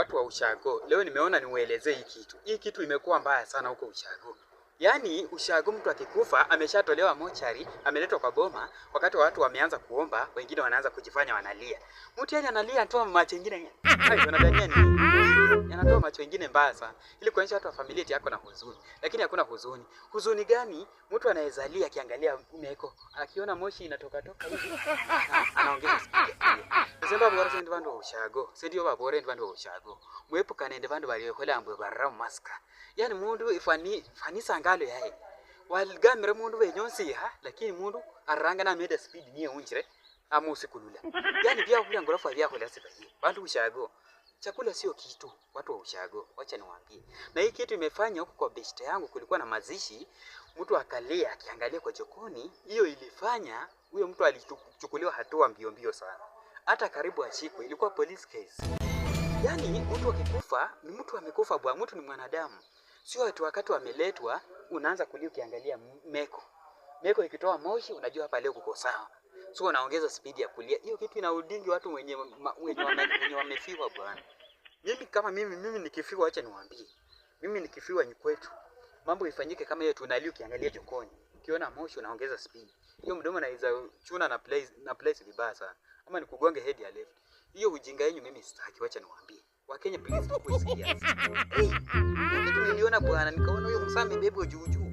watu wa ushago leo nimeona niwaelezee hii kitu. Hii kitu imekuwa mbaya sana huko ushago. Yaani ushago mtu akikufa ameshatolewa mochari, ameletwa kwa boma, wakati wa watu wameanza kuomba, wengine wanaanza kujifanya wanalia. Mtu yeye yaani analia anatoa macho mengine. Hayo wanadania ni Yanatoa macho mengine mbaya sana ili kuonyesha watu wa familia yako na huzuni. Lakini hakuna huzuni. Huzuni gani? Mtu anaezalia akiangalia mume meko, akiona moshi inatoka toka hivi. Anaongeza vavora sendi vandu vaushago sendi yo vavora endi vandu vaushago mwepukana endi vandu variokolambwe varra mumasika yani mundu ifani fanisangalo yaye waligamire mundu venyonsiha lakini mundu arranga nameda speed niye unjire amusikulula yani vyakula ngorofa vyakula siva hii vandu ushago chakula sio kitu watu wa wacha niwaambie na hii kitu imefanya huku kwa beshte yangu kulikuwa na mazishi mtu akalia akiangalia kwa jokoni hiyo ilifanya huyo mtu alichukuliwa hatua mbio mbio sana hata karibu ashikwe, ilikuwa police case. Yani mtu akikufa ni mtu amekufa, bwana, mtu ni mwanadamu, sio watu wakati wameletwa unaanza kulia ukiangalia meko meko ikitoa moshi, unajua hapa leo kuko sawa, sio unaongeza speed ya kulia. Hiyo kitu ina udingi watu wenye wenye, wame, wenye wamefiwa bwana. Mimi kama mimi mimi nikifiwa, acha niwaambie, mimi nikifiwa ni kwetu mambo ifanyike kama hiyo, tunalia ukiangalia jokoni, ukiona moshi unaongeza speed. hiyo, mdomo naweza chuna na place na place vibaya sana ama nikugonge head ya left. Hiyo ujinga yenu mimi sitaki, wacha niwaambie. Wakenya please tukuisikia. Hey, niliona bwana nikaona huyo msame bebo juu juu.